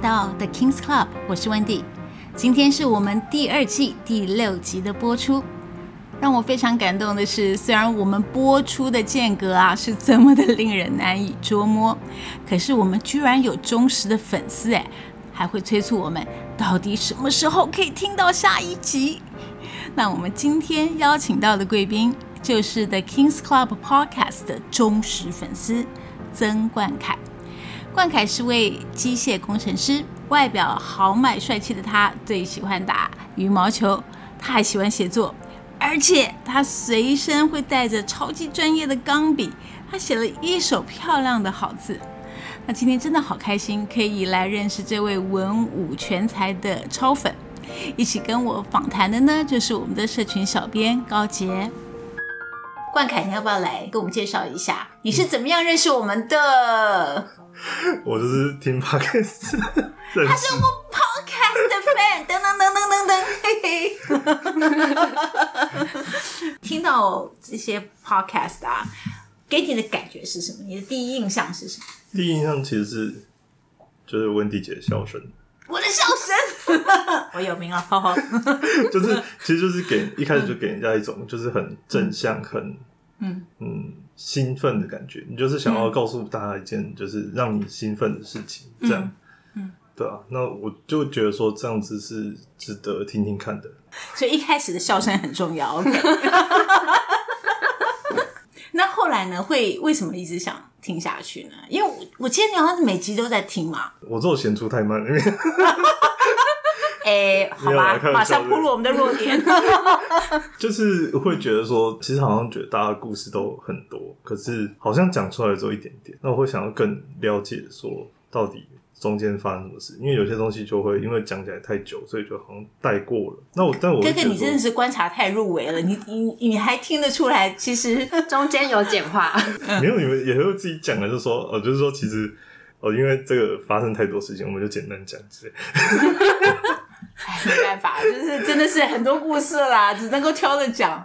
到 The King's Club，我是 Wendy。今天是我們第二季第六集的播出。讓我非常感動的是，雖然我們播出的間隔啊是這麼的令人難以捉摸，可是我們居然有忠實的粉絲哎，還會催促我們到底什麼時候可以聽到下一集。那我們今天邀請到的貴賓就是 The King's Club Podcast 的忠實粉絲曾冠凱。冠凱是位機械工程師，外表豪邁帥氣的他最喜歡打羽毛球，他還喜歡寫作，而且他隨身會帶着超級專業的鋼筆，他寫了一手漂亮的好字。那今天真的好開心，可以來認識這位文武全才的超粉。一起跟我訪談的呢，就是我們的社群小編高杰。冠凱，你要不要來跟我們介紹一下你是怎麼樣認識我們的？我就是聽 podcast，他是我們 podcast 的 fan，等等等等等等，嘿嘿， 聽到這些 podcast 啊，給你的感覺是什麼？你的第一印象是什麼？第一印象其實是，就是溫蒂姐的笑聲，我的笑聲， 我有名啊，好好，就是其實就是給一開始就給人家一種就是很正向很。嗯嗯，興奮的感覺，你就是想要告訴大家一件就是讓你興奮的事情，嗯、這樣嗯，嗯，對啊，那我就覺得說這樣子是值得聽聽看的。所以一開始的笑聲很重要。Okay、 那後來呢？會為什麼一直想聽下去呢？因為我我今天好像是每集都在聽嘛。我這種閒出太慢了。因為。哎、欸，好吧，要要馬上步入我們的弱點。 就是會覺得說，其實好像覺得大家的故事都很多，可是好像講出來只有一點點。那我會想要更了解說，到底中間發生什麼事？因為有些東西就會因為講起來太久，所以就好像帶過了。那我，但我覺得哥哥，你真的是觀察太入微了，你你你還聽得出來，其實中間有簡化。 沒有，你們也會自己講的、哦，就說，我就是說，其實我、哦、因為這個發生太多事情，我們就簡單講之類。 哎，沒辦法，就是真的是很多故事啦， 只能夠挑着講。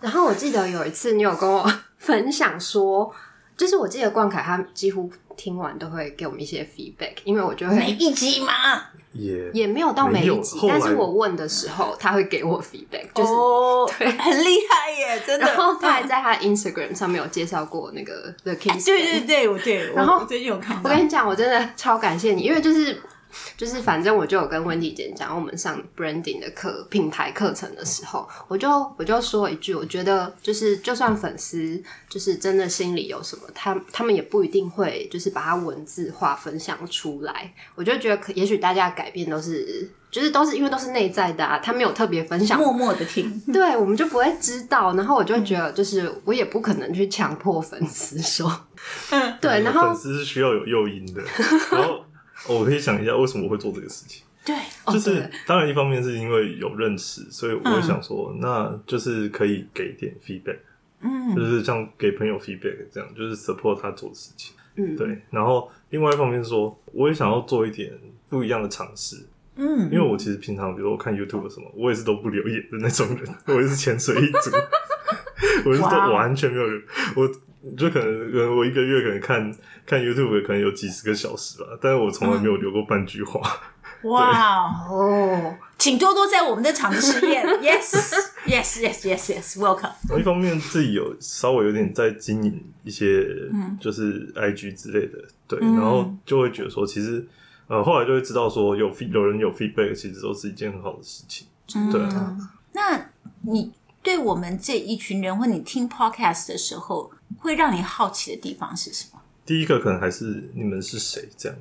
然後我記得有一次，你有跟我分享說，就是我記得冠凱他幾乎聽完都會給我們一些 feedback，因為我就會每一集嘛，也也沒有到每一集，但是我問的時候他會給我 feedback，就是、哦、對，很厲害耶，真的。然後他還在他的 Instagram 上面有介紹過那個 The King's Club，、啊欸、對對對，我對我然後我最近有看到，我跟你講，我真的超感謝你，因為就是。就是，反正我就有跟溫迪姐講，我們上 branding 的課，品牌課程的時候，我就我就說一句，我覺得就是，就算粉絲就是真的心裡有什麼，他他們也不一定會就是把它文字化分享出來。我就覺得可，也許大家改變都是，就是都是因為都是內在的啊，他沒有特別分享，默默的聽，對，我們就不會知道。然後我就覺得，就是我也不可能去強迫粉絲說，嗯，對，嗯、然後粉絲是需要有誘因的， 然後。我可以想一下，為什麼我會做這個事情？對，就是、哦、當然，一方面是因為有認識，所以我會想說、嗯，那就是可以給點 feedback，嗯，就是像給朋友 feedback 這樣，就是 support 他做的事情，嗯，對。然後另外一方面是說，我也想要做一點不一樣的嘗試，嗯，因為我其實平常，比如說我看 YouTube 什麼，我也是都不留言的那種人， 我也是潛水一族，我也是都完全沒有我。就可能，可能我一個月可能看看 YouTube，可能有幾十個小時吧，但是我從來沒有留過半句話。哇、嗯、哦， wow. oh. 請多多在我們的嘗試驗。 Yes, yes, yes, yes, yes, welcome. 我一方面自己有稍微有點在經營一些，就是 IG 之類的、嗯，對，然後就會覺得說，其實，呃，後來就會知道說，有有人有 feedback，其實都是一件很好的事情，嗯、對、啊。那你對我們這一群人，或你聽 Podcast 的時候。會讓你好奇的地方是什麼？第一個可能還是你們是誰這樣子，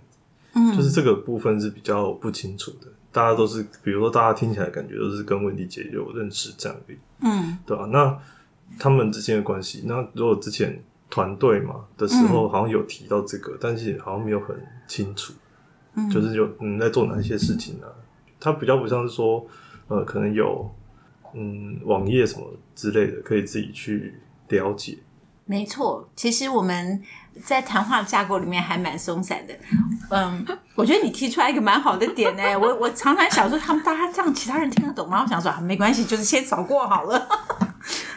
嗯，就是這個部分是比較不清楚的。大家都是，比如說大家聽起來感覺都是跟溫迪姐有認識這樣子，嗯，對吧、啊？那他們之間的關係，那如果之前團隊嘛的時候，好像有提到這個，嗯、但是好像沒有很清楚，嗯，就是有你在做哪些事情呢、啊嗯？他比較不像是說，呃，可能有嗯網頁什麼之類的，可以自己去了解。沒錯，其實我們在談話架構裡面還蠻鬆散的。嗯，我覺得你提出來一個蠻好的點誒，我我常常想說，他們大家這樣其他人聽得懂嗎？我想說，啊，沒關係，就是先掃過好了。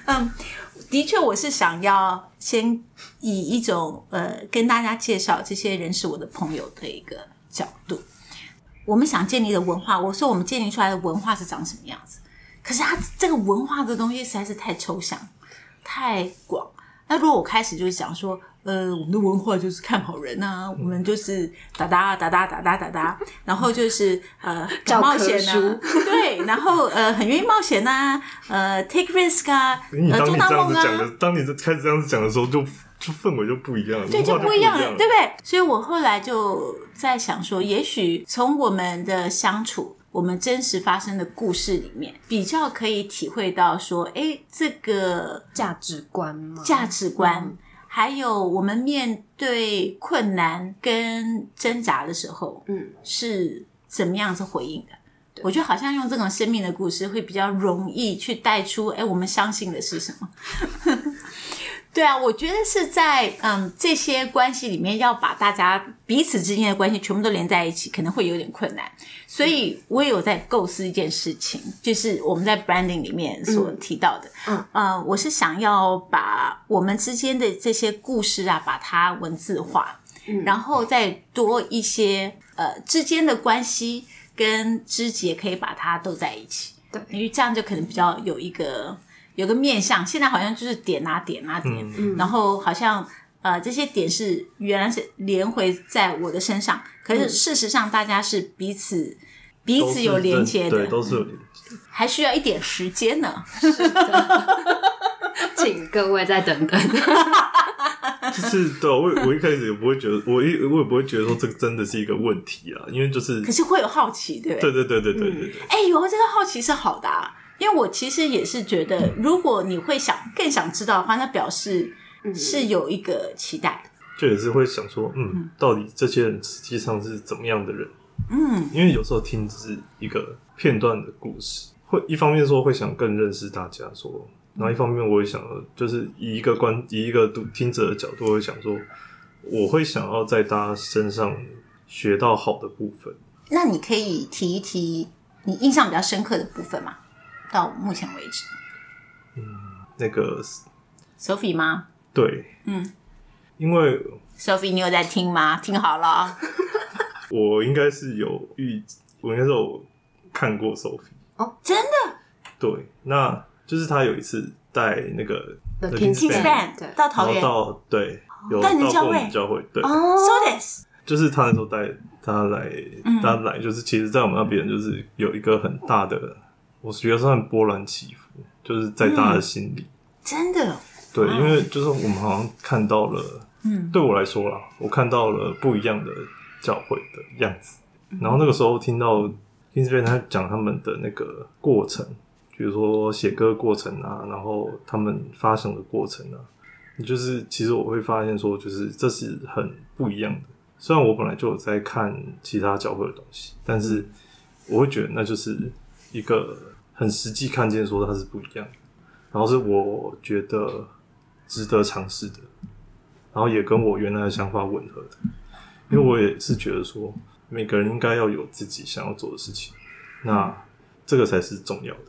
嗯， 的確我是想要先以一種呃跟大家介紹這些人是我的朋友的一個角度，我們想建立的文化，我說我們建立出來的文化是長什麼樣子，可是他這個文化的東西實在是太抽象、太廣。那如果我開始就是講說，呃，我們的文化就是看好人吶、啊，我們就是噠噠噠噠噠噠噠噠，然後就是呃，敢冒險、啊，對，然後呃，很願意冒險吶、啊，呃，take risk 啊，呃、嗯，做大夢啊，當你開始這樣子講的時候，就就氛圍就不一樣了，對，就不一樣了，不一樣了對不對？所以我後來就在想說，也許從我們的相處。我們真實發生的故事裡面，比較可以體會到說，欸，這個價值觀，價值觀嗎，價值觀、嗯，還有我們面對困難跟掙扎的時候，嗯，是怎麼樣子回應的？嗯、我覺得好像用這種生命的故事，會比較容易去帶出，欸，我們相信的是什麼。嗯 對啊，我覺得是在嗯這些關係裡面，要把大家彼此之間的關係全部都連在一起，可能會有點困難。所以，我也有在構思一件事情，嗯，就是我們在 branding 裡面所提到的，嗯，嗯，呃，我是想要把我們之間的這些故事啊，把它文字化，嗯，然後再多一些呃之間的關係跟枝節，可以把它都在一起，對，因為這樣就可能比較有一個。有個面向，現在好像就是點啊，點啊，點，嗯、然後好像呃這些點是原來是連回在我的身上，嗯、可是事實上大家是彼此彼此有連接的對，對，都是有連接的、嗯，還需要一點時間呢，是的 請各位再等等。就是對、啊、我我一開始也不會覺得，我一我也不會覺得說這真的是一個問題啊，因為就是可是會有好奇，對，對，對對對對對、嗯、對，對，對，對，對，哎、欸、呦，這個好奇是好的。啊。因為我其實也是覺得，如果你會想、嗯、更想知道的話，那表示是有一個期待的，就也是會想說，嗯，到底這些人實際上是怎麼樣的人？嗯，因為有時候聽的是一個片段的故事，會一方面說會想更認識大家，說，然後一方面我也想，就是以一個觀，以一個聽者的角度，會想說，我會想要在大家身上學到好的部分。那你可以提一提你印象比較深刻的部分嗎？到目前為止，嗯，那個 Sophie 嗎？對，嗯，因為 Sophie，你有在聽嗎？聽好了 我應該是有遇，我應該是有看過 Sophie 哦、oh，真的？對，那就是他有一次帶那個 The King's Band 到桃園，對，到，對，對，對，到對，對，有你教會，教會、oh, 對，哦，So this 就是他那時候帶他來，他來，就是其實，在我們那邊就是有一個很大的。嗯我覺得上波瀾起伏，就是在大家的心裡，嗯、真的，對，因為就是我們好像看到了，嗯，對我來說啦，我看到了不一樣的教會的樣子。嗯、然後那個時候聽到 Kingsman 他講他們的那個過程，比如說寫歌過程啊，然後他們發行的過程啊，就是其實我會發現說，就是這是很不一樣的。雖然我本來就有在看其他教會的東西，但是我會覺得那就是一個。很實際，看見說它是不一樣的，然後是我覺得值得嘗試的，然後也跟我原來的想法吻合的，因為我也是覺得說每個人應該要有自己想要做的事情，那這個才是重要的。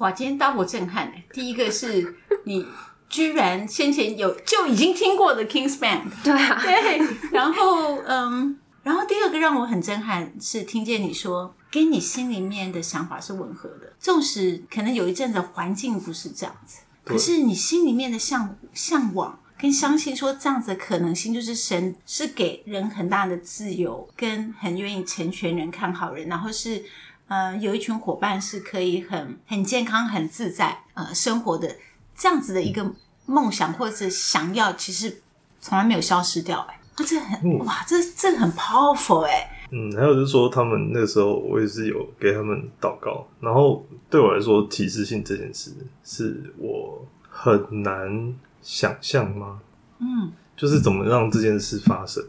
哇，今天大我震撼、欸、第一個是你居然先前有就已經聽過的 King's Club 對啊， 對。然後嗯，然後第二個讓我很震撼是聽見你說。跟你心裡面的想法是吻合的，縱使可能有一陣子環境不是這樣子，可是你心裡面的向嚮往跟相信說這樣子的可能性，就是神是給人很大的自由，跟很願意成全人、看好人，然後是，呃，有一群夥伴是可以很很健康、很自在，呃，生活的這樣子的一個夢想，或者是想要，其實從來沒有消失掉欸，啊，這很哇，這這很 powerful 欸。嗯，還有就是說，他們那個時候我也是有給他們禱告，然後對我來說，提示性這件事是我很難想象嗎？嗯，就是怎麼讓這件事發生，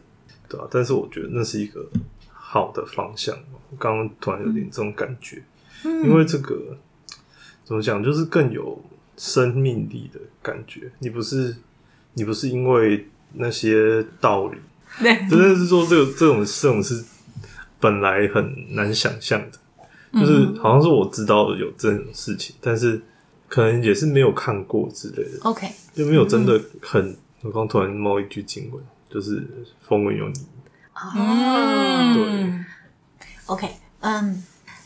對吧、啊？但是我覺得那是一個好的方向。我剛剛突然有點這種感覺，嗯、因為這個怎麼講，就是更有生命力的感覺。你不是你不是因為那些道理，對，真的是，是說這個這種這種事。本來很難想象的，就是好像是我知道有這種事情，嗯、但是可能也是沒有看過之類的。OK，就沒有真的很，嗯、我剛突然冒一句經文，就是風雲“風聞有你”。啊，對。OK，嗯、um,，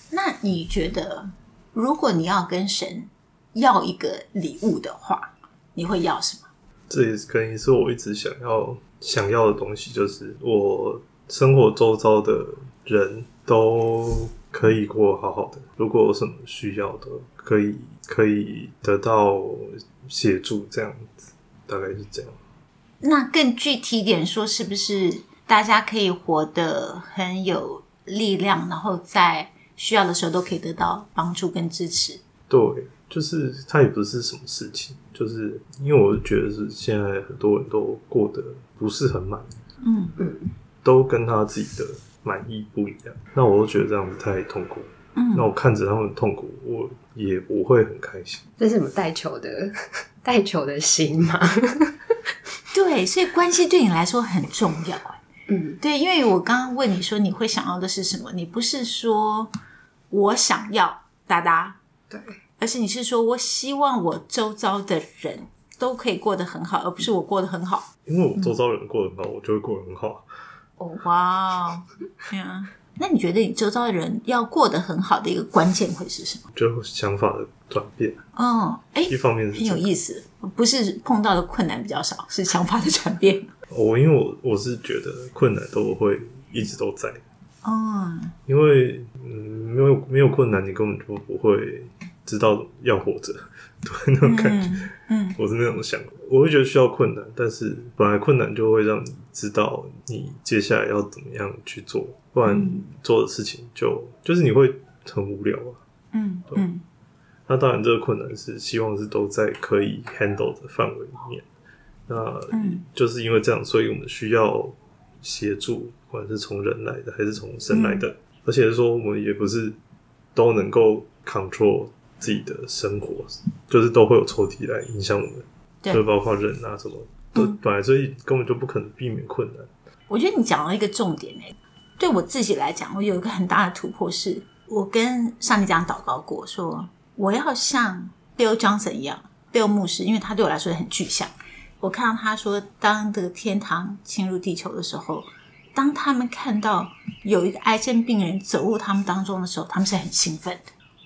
那你覺得，如果你要跟神要一個禮物的話，你會要什麼？這也是可能是我一直想要想要的東西，就是我生活周遭的人都可以過好好的，如果有什麼需要的，可以可以得到協助，這樣子，大概是這樣。那更具體點說，是不是大家可以活得很有力量，然後在需要的時候都可以得到幫助跟支持？對，就是他也不是什麼事情，就是因為我覺得是現在很多人都過得不是很滿，嗯嗯，都跟他自己的。滿意不一樣，那我都覺得這樣子太痛苦。嗯，那我看着他們痛苦，我也不會很開心。這是什麼代求的？代求的心嗎？ 對，所以關係對你來說很重要，欸。嗯，對，因為我剛剛問你說你會想要的是什麼？你不是說我想要達達，對，而是你是說我希望我周遭的人都可以過得很好，而不是我過得很好。嗯，因為我周遭人過得很好，我就會過得很好。哇，哦。那你覺得你周遭的人要過得很好的一個關鍵會是什麼？就是想法的轉變。嗯，誒一方面是挺、這個欸、有意思，不是碰到的困難比較少，是想法的轉變。我、 oh, 因為我我是覺得困難都會一直都在。Oh. 嗯，因為嗯沒有沒有困難你根本就不會。知道要活着，對那種感覺嗯，嗯，我是那種想，我會覺得需要困難，但是本來困難就會讓你知道你接下來要怎麼樣去做，不然做的事情就、嗯、就是你會很無聊啊，嗯對嗯。那當然，這個困難是希望是都在可以 handle 的範圍裡面，那就是因為這樣，所以我們需要協助，不管是從人來的還是從神來的，嗯、而且是說我們也不是都能夠 control。自己的生活，就是都會有抽屜來影響我們，對，就包括人啊什麼，對、嗯，本來所以根本就不可能避免困難。我覺得你講到一個重點呢、欸，對我自己來講，我有一個很大的突破是，是我跟上帝這樣禱告過，說我要像 Bill Johnson 一樣，Bill 牧師，因為他對我來說也很具象。我看到他說，當這個天堂侵入地球的時候，當他們看到有一個癌症病人走入他們當中的時候，他們是很興奮的。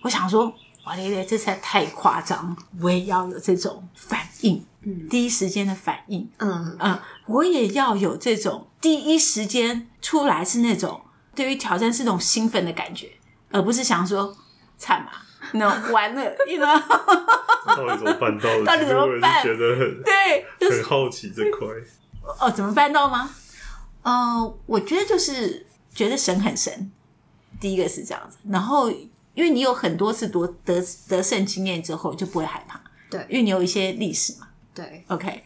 我想說。哇咧咧，這才太誇張！我也要有這種反應，嗯，第一時間的反應，嗯啊、呃，我也要有這種第一時間出來是那種對於挑戰是那種興奮的感覺，而不是想說慘啊，那、啊 no, 完了，你呢？到底怎麼辦到的？到底怎麼辦？覺得很對、就是，很好奇這塊。哦，怎麼辦到嗎？嗯、呃，我覺得就是覺得神很神，第一個是這樣子，然後。因為你有很多次奪得得勝經驗之後，就不會害怕。對，因為你有一些歷史嘛。對。OK，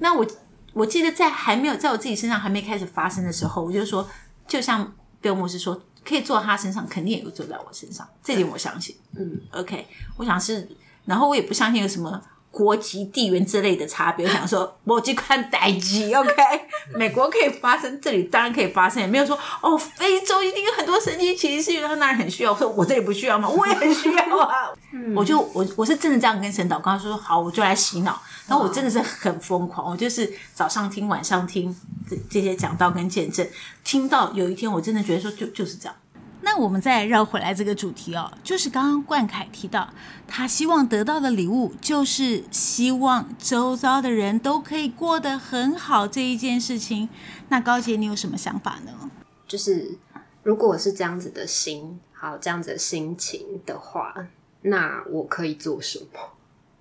那我我記得在還沒有，在我自己身上還沒開始發生的時候，我就說，就像標莫是說，可以做在他身上，肯定也會做在我身上。這點我相信。嗯。OK，我想是，然後我也不相信有什麼，國籍、地緣之類的差別，我想說我去看待，際，OK？美國可以發生，這裡當然可以發生，也沒有說哦，非洲一定有很多神奇奇事，因為那人很需要。我說我這也不需要嘛，我也很需要啊！ 我就我我是真的這樣跟神導剛剛說，好，我就來洗腦。然後我真的是很瘋狂，我就是早上聽，晚上聽這這些講道跟見證，聽到有一天我真的覺得說就，就就是這樣。那我們再繞回來，這個主題哦，就是剛剛冠凱提到他希望得到的禮物，就是希望周遭的人都可以過得很好這一件事情。那高姐，你有什麼想法呢？就是如果我是這樣子的心，好這樣子的心情的話，那我可以做什麼？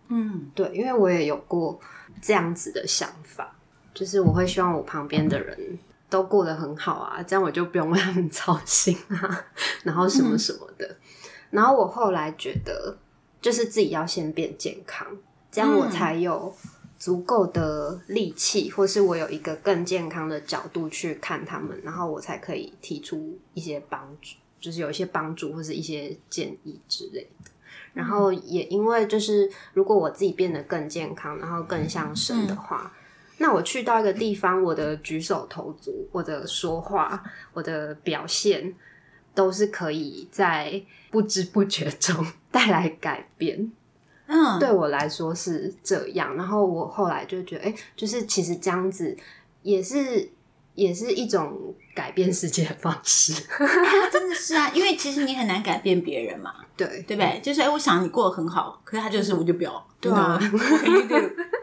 嗯，對，因為我也有過這樣子的想法，就是我會希望我旁邊的人。嗯都過得很好啊，這樣我就不用為他們操心啊，然後什麼什麼的、嗯。然後我後來覺得，就是自己要先變健康，這樣我才有足夠的力氣、嗯，或是我有一個更健康的角度去看他們，然後我才可以提出一些幫助，就是有一些幫助或是一些建議之類的。然後也因為就是，如果我自己變得更健康，然後更像神的話。嗯那我去到一個地方，我的舉手投足、我的說話、我的表現，都是可以在不知不覺中帶來改變。嗯。對我來說是這樣。然後我後來就覺得，哎、欸，就是其實這樣子也是。也是一種改變世界的方式 啊，真的是啊！因為其實你很難改變別人嘛，對，對不對？就是哎、欸，我想你過得很好，可是他就是我就不要，對吧、啊？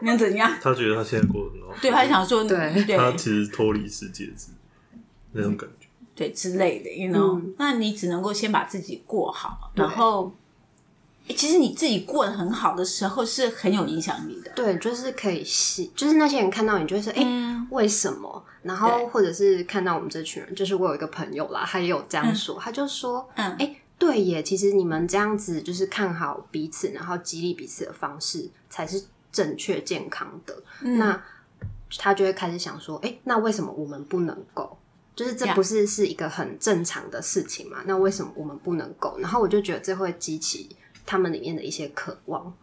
能怎樣？ 他覺得他現在過得很好，對，他想說對，對，他其實脫離世界之那種感覺，對之類的 you know、嗯。那你只能夠先把自己過好，然後。欸、其實你自己過得很好的時候是很有影響力的，對，就是可以細，就是那些人看到你就會說，哎、嗯欸，為什麼？然後或者是看到我們這群人，就是我有一個朋友啦，他也有這樣說，嗯、他就說，嗯、欸，對耶，其實你們這樣子就是看好彼此，然後激勵彼此的方式才是正確健康的、嗯。那他就會開始想說，哎、欸，那為什麼我們不能夠？就是這不是是一個很正常的事情嘛、嗯。那為什麼我們不能夠？然後我就覺得這會激起。他們裡面的一些渴望，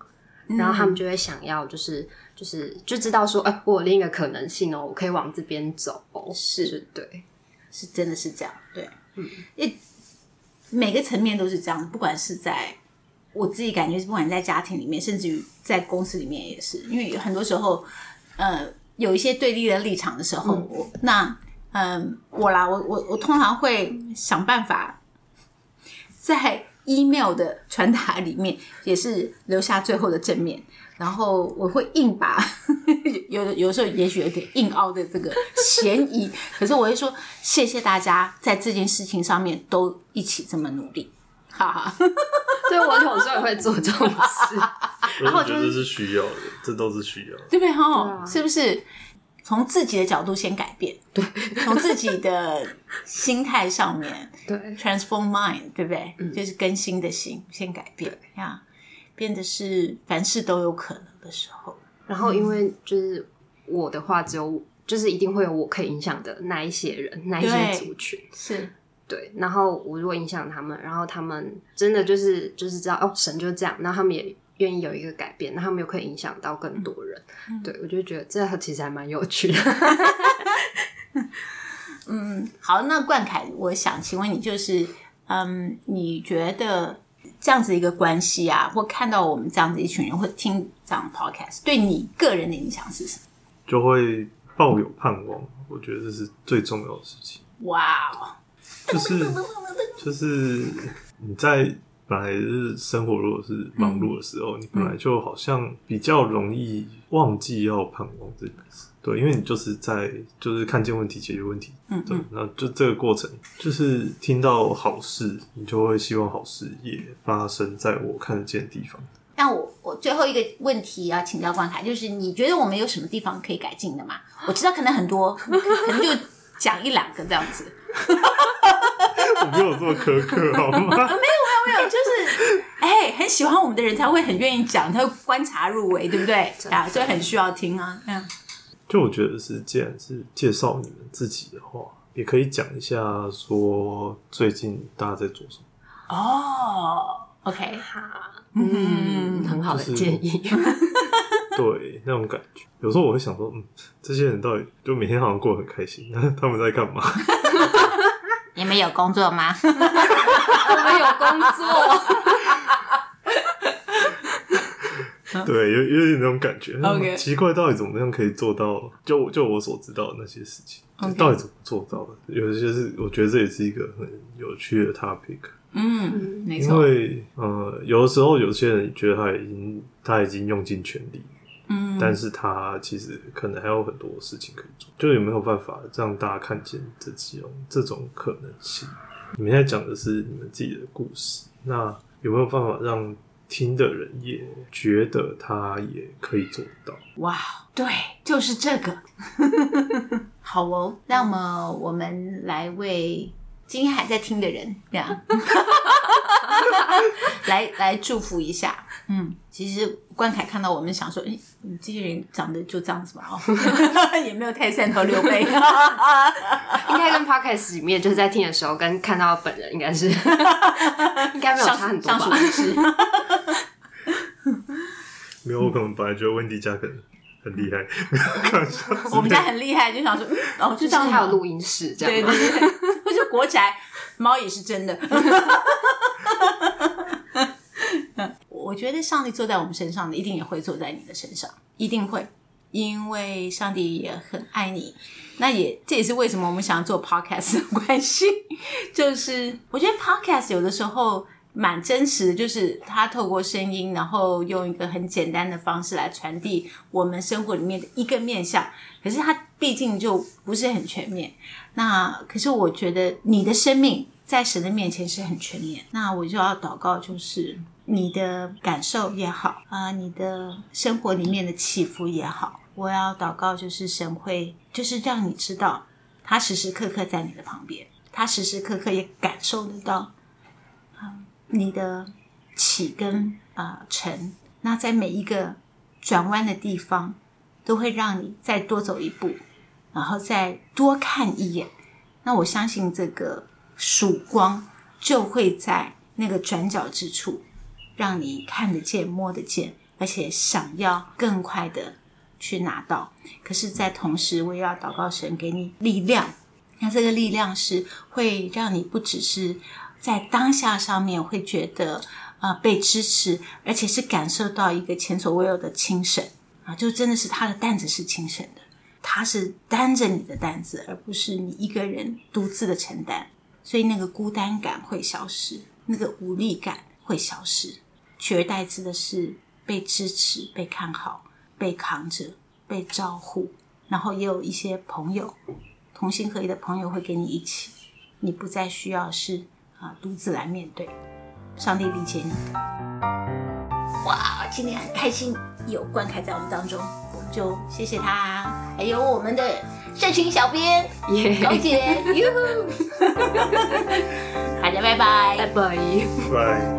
然後他們就會想要、就是嗯，就是就是就知道說，哎、欸，我有另一個可能性哦、喔，我可以往這邊走、喔，是對，是真的是這樣，對，嗯，因為每個層面都是這樣，不管是在我自己感覺，不管在家庭裡面，甚至於在公司裡面也是，因為很多時候，呃，有一些對立的立場的時候，嗯那嗯、呃，我啦，我我我通常會想辦法在。Email 的傳達裡面也是留下最後的正面，然後我會硬把，有、有的有時候也許有點硬凹的這個嫌疑， 可是我會說，謝謝大家在這件事情上面都一起這麼努力，哈哈，所以我有時候也會做這種事，然後就是需要的，這都是需要的，對不對？哦，對啊，是不是？從自己的角度先改變，對，從自己的心態上面， 對，transform mind，對不對？嗯，就是更新的心先改變，呀，變得是凡事都有可能的時候。然後，然後因為就是我的話，只有就是一定會有我可以影響的那一些人，那一些族群，是對。然後我如果影響他們，然後他們真的就是就是知道哦，神就是這樣，然後他們也。願意有一個改變，那他們又可以影響到更多人。嗯。對，我就覺得這其實還蠻有趣的。 嗯，好，那冠凱，我想請問你，就是，嗯，你覺得這樣子一個關係啊，或看到我們這樣子一群人，或聽這樣 podcast，對你個人的影響是什麼？就會抱有盼望，我覺得這是最重要的事情。哇、wow，就是就是你在。本來是生活，如果是忙碌的時候、嗯，你本來就好像比較容易忘記要盼望這件事。對，因為你就是在就是看見問題解決問題。嗯，對，那就這個過程，就是聽到好事，你就會希望好事也發生在我看得見的地方。那我我最後一個問題要請教冠凱，就是你覺得我們有什麼地方可以改進的嗎？我知道可能很多，可，可能就講一兩個這樣子。 我沒有這麼苛刻好嗎？沒有。沒有，就是哎、欸，很喜歡我們的人才會很願意講，他會觀察入微對不對？啊，所以很需要聽啊。樣、嗯、就我覺得是，既然，是介紹你們自己的話，也可以講一下說最近大家在做什麼。哦、oh,，OK，好，嗯，嗯，很好的建議。就是、 對，那種感覺，有時候我會想說，嗯，這些人到底就每天好像過得很開心，他們在幹嘛？你 們有工作嗎？沒有。 對，有有點那種感覺，嗯 Okay. 奇怪，到底怎麼樣可以做到？就就我所知道的那些事情，Okay. 到底怎麼做到的，有一些是，我覺得這也是一個很有趣的 topic。嗯，因為呃，有的時候有些人覺得他已經他已經用盡全力，嗯，但是他其實可能還有很多事情可以做，就有沒有辦法讓大家看見這、哦、這種可能性。你們在講的是你們自己的故事，那有沒有辦法讓聽的人也覺得他也可以做到？哇，wow，對，就是這個， 好哦。那麼我們來為。今天還在聽的人，這、yeah. 樣， 哈哈哈哈哈來來祝福一下。嗯，其實冠凱看到我們想說，欸、你這些人長得就這樣子吧，yeah. 也沒有太三頭六臂， 應該跟 podcast 裡面就是在聽的時候跟看到本人，應該是， 應該沒有差很多吧？吧 沒有，我可能本來覺得 Wendy 加很厲害， 我們家很厲害，就想說，哦，就像還有錄音室，這樣對對對，或者國宅貓也是真的， 我覺得上帝坐在我們身上的，一定也會坐在你的身上，一定會，因為上帝也很愛你。那也這也是為什麼我們想要做 podcast 的關係，就是我覺得 podcast 有的時候，蠻真實的，就是他透過聲音，然後用一個很簡單的方式來傳遞我們生活裡面的一個面向。可是他畢竟就不是很全面。那可是我覺得你的生命在神的面前是很全面。那我就要禱告，就是你的感受也好啊，你的生活裡面的起伏也好，我要禱告，就是神會就是讓你知道，他時時刻刻在你的旁邊，他時時刻刻也感受得到。你的起跟啊沉、呃，那在每一個轉彎的地方，都會讓你再多走一步，然後再多看一眼。那我相信這個曙光就會在那個轉角之處，讓你看得見、摸得見，而且想要更快的去拿到。可是，在同時，我也要禱告神給你力量。那這個力量是會讓你不只是。在當下上面會覺得啊、呃、被支持，而且是感受到一個前所未有的輕省啊，就真的是他的擔子是輕省的，他是擔着你的擔子，而不是你一個人獨自的承擔，所以那個孤單感會消失，那個無力感會消失，取而代之的是被支持、被看好、被扛着、被招呼，然後也有一些朋友，同心合意的朋友會跟你一起，你不再需要是。啊，獨自來面對，上帝並解哇，今天很開心有冠凱在我們當中，我們就謝謝他，還有我們的社群小編高、yeah. 姐，You， 呦呼 大家拜拜，拜拜，拜。